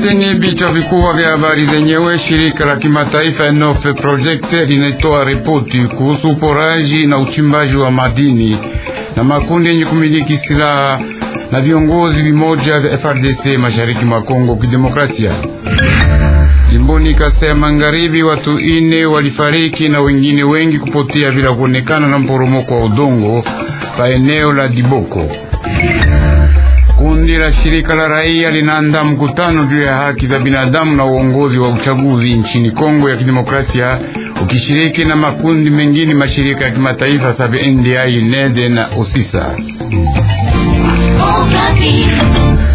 Fateni vichwa vikubwa vya habari zenyewe. Shirika la kimataifa Enough Project linatoa ripoti kuhusu uporaji na uchimbaji wa madini na makundi yenye kumiliki silaha na viongozi vimoja vya FRDC mashariki mwa Kongo Kidemokrasia. Jimboni Kasai Magharibi, watu ine walifariki na wengine wengi kupotea bila kuonekana na mporomoko wa udongo pa eneo la Diboko. Kundi la shirika la raia linaandaa mkutano juu ya haki za binadamu na uongozi wa uchaguzi nchini Kongo ya Kidemokrasia, ukishiriki na makundi mengine mashirika ya kimataifa sabi NDI, NEDE na OSISA.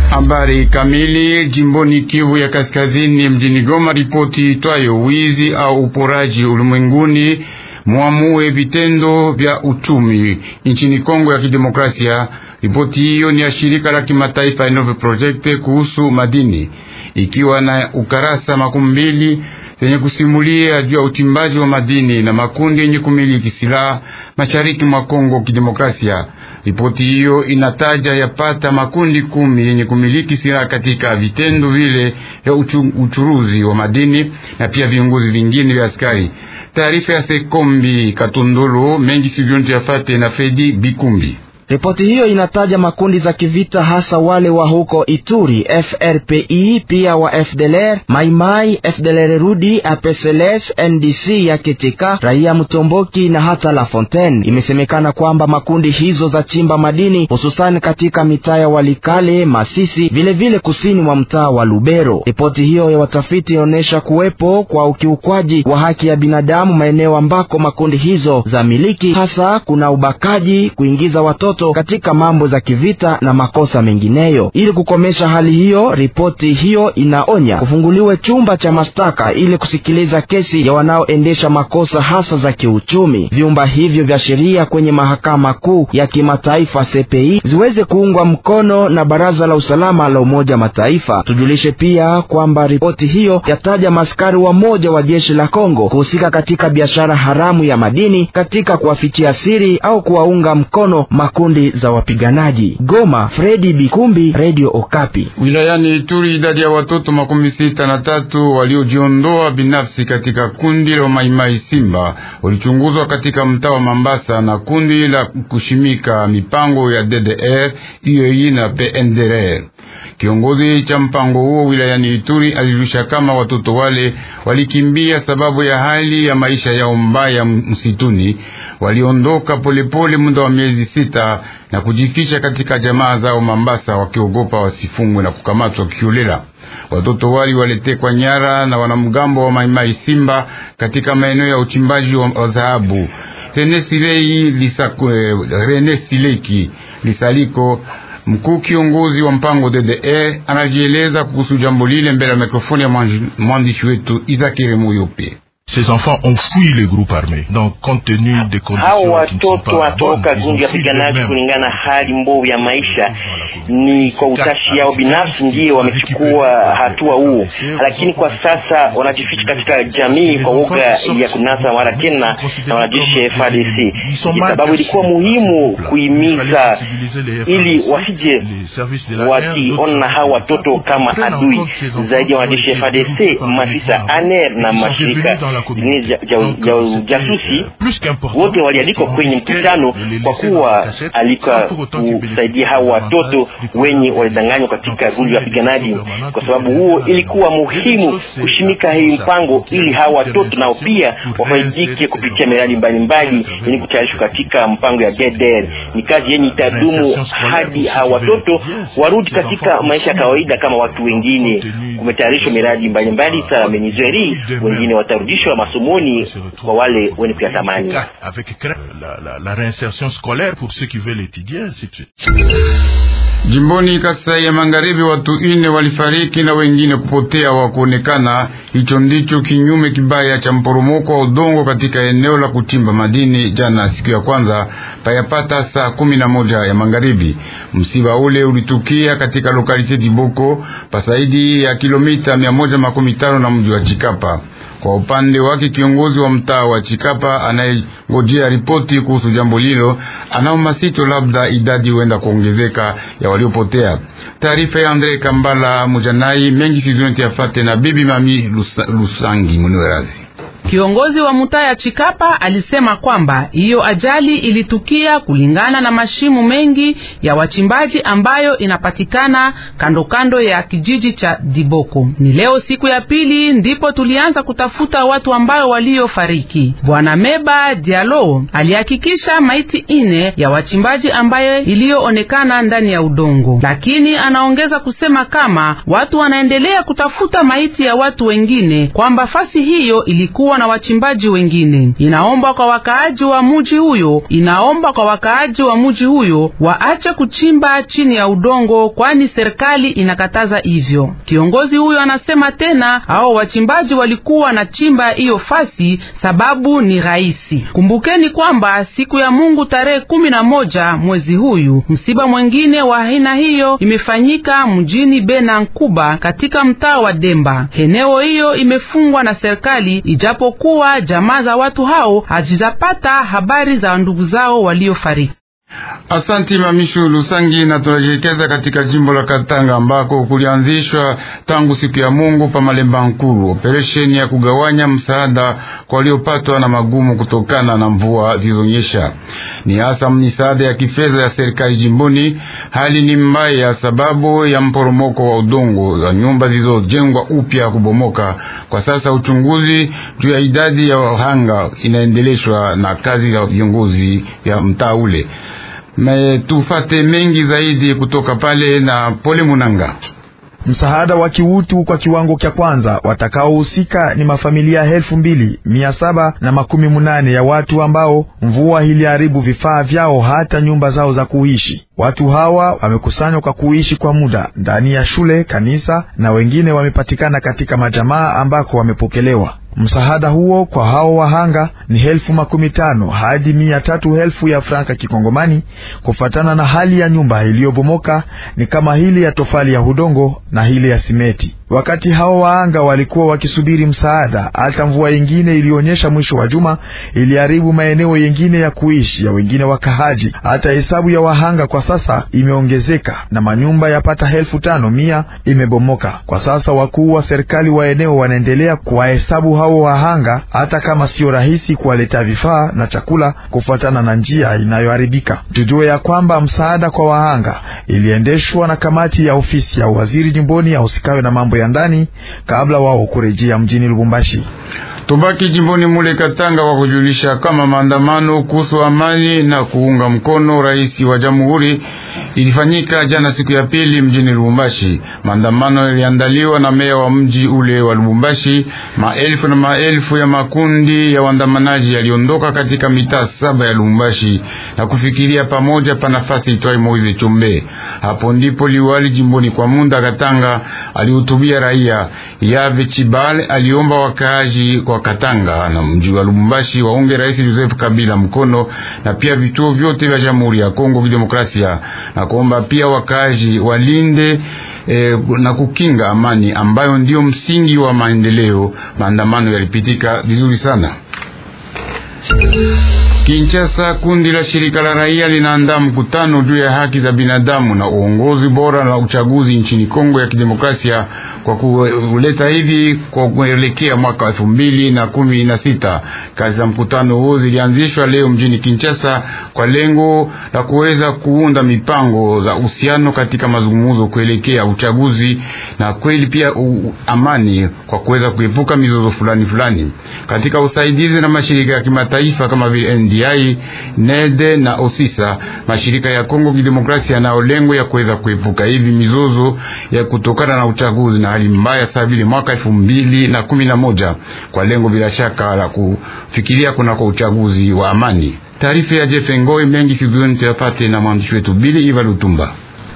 Habari kamili jimboni Kivu ya Kaskazini, mjini Goma, ripoti itwayo wizi au uporaji ulimwenguni muamue vitendo vya uchumi nchini Kongo ya Kidemokrasia Ripoti hiyo ni ya shirika la kimataifa Innove Project kuhusu madini, ikiwa na ukarasa makumi mbili zenye kusimulia juu ya uchimbaji wa madini na makundi yenye kumiliki silaha mashariki mwa Kongo Kidemokrasia. Ripoti hiyo inataja yapata makundi kumi yenye kumiliki silaha katika vitendo vile vya uchu, uchuruzi wa madini na pia viongozi vingine vya askari. Taarifa ya Sekombi Katundulu mengi sivyo, yafate na Fredi Bikumbi. Ripoti hiyo inataja makundi za kivita hasa wale wa huko Ituri, FRPI pia wa FDLR, Maimai, FDLR Rudi, APCLS, NDC ya Keteka, Raia Mtomboki na hata La Fontaine. Imesemekana kwamba makundi hizo za chimba madini hususani katika mitaa ya Walikale, Masisi, vilevile vile kusini mwa mtaa wa Lubero. Ripoti hiyo ya watafiti inaonyesha kuwepo kwa ukiukwaji wa haki ya binadamu maeneo ambako makundi hizo za miliki, hasa kuna ubakaji, kuingiza watoto mzito katika mambo za kivita na makosa mengineyo. Ili kukomesha hali hiyo, ripoti hiyo inaonya kufunguliwe chumba cha mashtaka ili kusikiliza kesi ya wanaoendesha makosa hasa za kiuchumi. Vyumba hivyo vya sheria kwenye mahakama kuu ya kimataifa CPI ziweze kuungwa mkono na Baraza la Usalama la Umoja Mataifa. Tujulishe pia kwamba ripoti hiyo yataja maskari wamoja wa jeshi la Kongo kuhusika katika biashara haramu ya madini katika kuwafichia siri au kuwaunga mkono maku kundi za wapiganaji. Goma, Fredi Bikumbi, Radio Okapi. Wilayani Ituri, idadi ya watoto makumi sita na tatu waliojiondoa binafsi katika kundi la Maimai Simba walichunguzwa katika mtaa wa Mambasa na kundi la kushimika mipango ya DDR, hii na PNDR. Kiongozi cha mpango huo wilayani Ituri alirusha kama watoto wale walikimbia sababu ya hali ya maisha yao mbaya msituni. Waliondoka polepole muda wa miezi sita na kujificha katika jamaa zao Mambasa, wakiogopa wasifungwe na kukamatwa kiolela. Watoto wali walitekwa nyara na wanamgambo wa Maimai Simba katika maeneo ya uchimbaji wa dhahabu. Rene eh, Sileki Lisaliko Mkuu kiongozi wa mpango DDR e anajieleza kuhusu jambo lile mbele ya mikrofoni ya mwandishi wetu Izakire Muyope. Ces enfants ont fui le groupe armé. Donc, compte tenu des conditions hali mbovu ya maisha, ni kwa utashi yao binafsi ndiyo wamechukua hatua huo, lakini kwa sasa wanajificha katika jamii kwa woga ya kunasa mara tena na wanajeshi FARDC. Sababu ilikuwa muhimu kuhimiza ili wasije wakiona hao watoto kama adui zaidi ya wanajeshi FARDC, maafisa ANR na mashirika zingine za ujasusi, euh, wote walialikwa kwenye mkutano, kwa kuwa alika kusaidia hao watoto wenye walidanganywa katika gundi la wapiganaji. Kwa sababu huo ilikuwa muhimu kushimika hii mpango, ili hao watoto nao pia wafaidike kupitia miradi mbalimbali yenye kutayarishwa katika mpango ya GDR. Ni kazi yenye itadumu hadi hao watoto warudi katika maisha ya kawaida kama watu wengine. Kumetayarishwa miradi mbalimbali za menizeri, wengine watarudishwa mwisho wa masomoni kwa wale wenye kuyatamani. Jimboni Kasai ya Magharibi, watu ine walifariki na wengine kupotea wakuonekana. Hicho ndicho kinyume kibaya cha mporomoko wa udongo katika eneo la kuchimba madini jana, siku ya kwanza payapata saa kumi na moja ya magharibi. Msiba ule ulitukia katika lokalite Diboko pasaidi ya kilomita mia moja makumi tano na mji wa Chikapa. Kwa upande wake kiongozi wa mtaa wa Chikapa anayengojea ripoti kuhusu jambo hilo, anao masito labda idadi huenda kuongezeka ya waliopotea. Taarifa ya Andre Kambala Mujanai mengi sizonte afate na bibi mami Lusangi Muniwerazi. Kiongozi wa mutaya Chikapa alisema kwamba hiyo ajali ilitukia kulingana na mashimo mengi ya wachimbaji ambayo inapatikana kando kando ya kijiji cha Diboko. Ni leo siku ya pili ndipo tulianza kutafuta watu ambayo waliofariki. Bwana Meba Dialo alihakikisha maiti ine ya wachimbaji ambayo iliyoonekana ndani ya udongo, lakini anaongeza kusema kama watu wanaendelea kutafuta maiti ya watu wengine, kwamba fasi hiyo ilikuwa na wachimbaji wengine. Inaomba kwa wakaaji wa muji huyo, inaomba kwa wakaaji wa muji huyo waache kuchimba chini ya udongo, kwani serikali inakataza hivyo. Kiongozi huyo anasema tena hao wachimbaji walikuwa na chimba hiyo fasi sababu ni rahisi. Kumbukeni kwamba siku ya Mungu tarehe kumi na moja mwezi huyu msiba mwengine wa aina hiyo imefanyika mjini Bena Nkuba katika mtaa wa Demba. Eneo hiyo imefungwa na serikali ijapo ijapokuwa jamaa za watu hao hazijapata habari za ndugu zao waliofariki. Asanti Mamishu Lusangi. Na tunajielekeza katika jimbo la Katanga ambako kulianzishwa tangu siku ya Mungu pa Malemba Nkulu operesheni ya kugawanya msaada kwa waliopatwa na magumu kutokana na mvua zilizonyesha ni hasa misaada ya kifedha ya serikali jimboni. Hali ni mbaya sababu ya mporomoko wa udongo za nyumba zilizojengwa upya kubomoka. Kwa sasa uchunguzi juu ya idadi ya wahanga inaendeleshwa na kazi ya viongozi ya mtaa ule. Tufate mengi zaidi kutoka pale na Pole Munanga. Msaada wa kiutu kwa kiwango cha kwanza watakaohusika ni mafamilia elfu mbili mia saba na makumi munane ya watu ambao mvua iliharibu vifaa vyao hata nyumba zao za kuishi. Watu hawa wamekusanywa kwa kuishi kwa muda ndani ya shule, kanisa na wengine wamepatikana katika majamaa ambako wamepokelewa. Msaada huo kwa hao wahanga ni elfu makumi tano hadi mia tatu elfu ya franka kikongomani, kufatana na hali ya nyumba iliyobomoka, ni kama hili ya tofali ya udongo na hili ya simeti. Wakati hao waanga walikuwa wakisubiri msaada, hata mvua yengine ilionyesha mwisho wa juma iliharibu maeneo yengine ya kuishi ya wengine wakahaji. Hata hesabu ya wahanga kwa sasa imeongezeka na manyumba yapata elfu tano mia imebomoka kwa sasa. Wakuu wa serikali wa eneo wanaendelea kuwahesabu hao wahanga, hata kama sio rahisi kuwaletea vifaa na chakula kufuatana na njia inayoharibika. Tujue ya kwamba msaada kwa wahanga iliendeshwa na kamati ya ofisi ya waziri jimboni ya usikawe na mambo ya ya ndani kabla wao kurejea mjini Lubumbashi. Tubaki jimboni mule Katanga wa kujulisha kama maandamano kuhusu amani na kuunga mkono rais wa jamhuri ilifanyika jana siku ya pili mjini Lubumbashi. Maandamano yaliandaliwa na meya wa mji ule wa Lubumbashi. Maelfu na maelfu ya makundi ya waandamanaji yaliondoka katika mitaa saba ya Lubumbashi na kufikiria pamoja pa nafasi itwayo moise Chumbe. Hapo ndipo liwali jimboni kwa Munda Katanga alihutubia raia. Yave Chibale aliomba wakaaji kwa Katanga na mji wa Lubumbashi waunge Rais Joseph Kabila mkono na pia vituo vyote vya Jamhuri ya Kongo Kidemokrasia na kuomba pia wakazi walinde eh, na kukinga amani ambayo ndio msingi wa maendeleo. Maandamano yalipitika vizuri sana. Kinshasa, kundi la shirika la raia linaandaa mkutano juu ya haki za binadamu na uongozi bora na uchaguzi nchini Kongo ya Kidemokrasia kwa kuleta hivi kwa kuelekea mwaka elfu mbili na kumi na sita. Kazi za mkutano huo zilianzishwa leo mjini Kinshasa kwa lengo la kuweza kuunda mipango za uhusiano katika mazungumzo kuelekea uchaguzi na kweli pia u, amani kwa kuweza kuepuka mizozo fulani fulani katika usaidizi na mashirika ya kimataifa kama vile Ndiai, NEDE na OSISA, mashirika ya Kongo Kidemokrasia na lengo ya kuweza kuepuka hivi mizozo ya kutokana na uchaguzi na hali mbaya sabili mwaka elfu mbili na kumi na moja kwa lengo bila shaka la kufikiria kuna kwa uchaguzi wa amani. Taarifa ya Jefengoe mengi sizuoni tuyapate na mwandishi wetu Bili Iva Lutumba.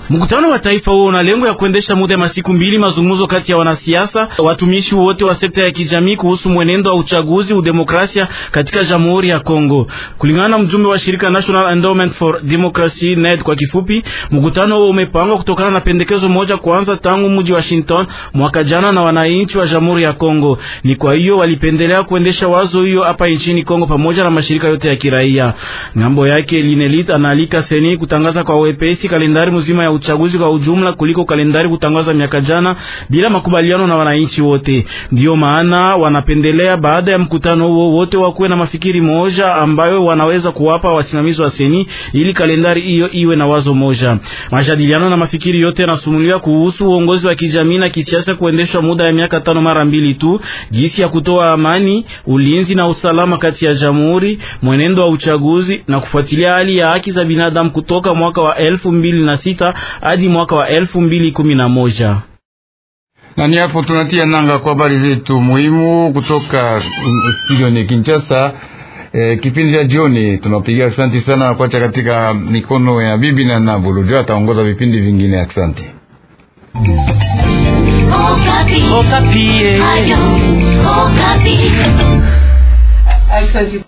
Mkutano wa taifa huo una lengo ya kuendesha muda ya masiku mbili mazungumzo kati ya wanasiasa, watumishi wote wa sekta ya kijamii kuhusu mwenendo wa uchaguzi, udemokrasia katika Jamhuri ya Kongo. Kulingana na mjumbe wa shirika National Endowment for Democracy NED kwa kifupi, mkutano huo umepangwa kutokana na pendekezo moja kuanza tangu mji Washington mwaka jana na wananchi wa Jamhuri ya Kongo. Ni kwa hiyo walipendelea kuendesha wazo hiyo hapa nchini Kongo pamoja na mashirika yote ya kiraia. Ngambo yake Linelit anaalika seni kutangaza kwa wepesi kalendari mzima ya uchaguzi kwa ujumla kuliko kalendari kutangaza miaka jana bila makubaliano na wananchi wote. Ndio maana wanapendelea baada ya mkutano huo wote wakuwe na mafikiri moja ambayo wanaweza kuwapa wasimamizi wa seni ili kalendari hiyo iwe na wazo moja. Majadiliano na mafikiri yote yanasumuliwa kuhusu uongozi wa kijamii na kisiasa kuendeshwa muda ya miaka tano mara mbili tu, jinsi ya kutoa amani, ulinzi na usalama kati ya jamhuri, mwenendo wa uchaguzi na kufuatilia hali ya haki za binadamu kutoka mwaka wa elfu mbili na sita hadi mwaka wa elfu mbili kumi na moja. Na ni hapo tunatia nanga kwa habari zetu muhimu kutoka studioni Kinshasa. E, kipindi cha jioni tunapigia asante sana na kuacha katika mikono ya bibi na Nabulujo ataongoza vipindi vingine. Asante Okapi. Okapi. Eh.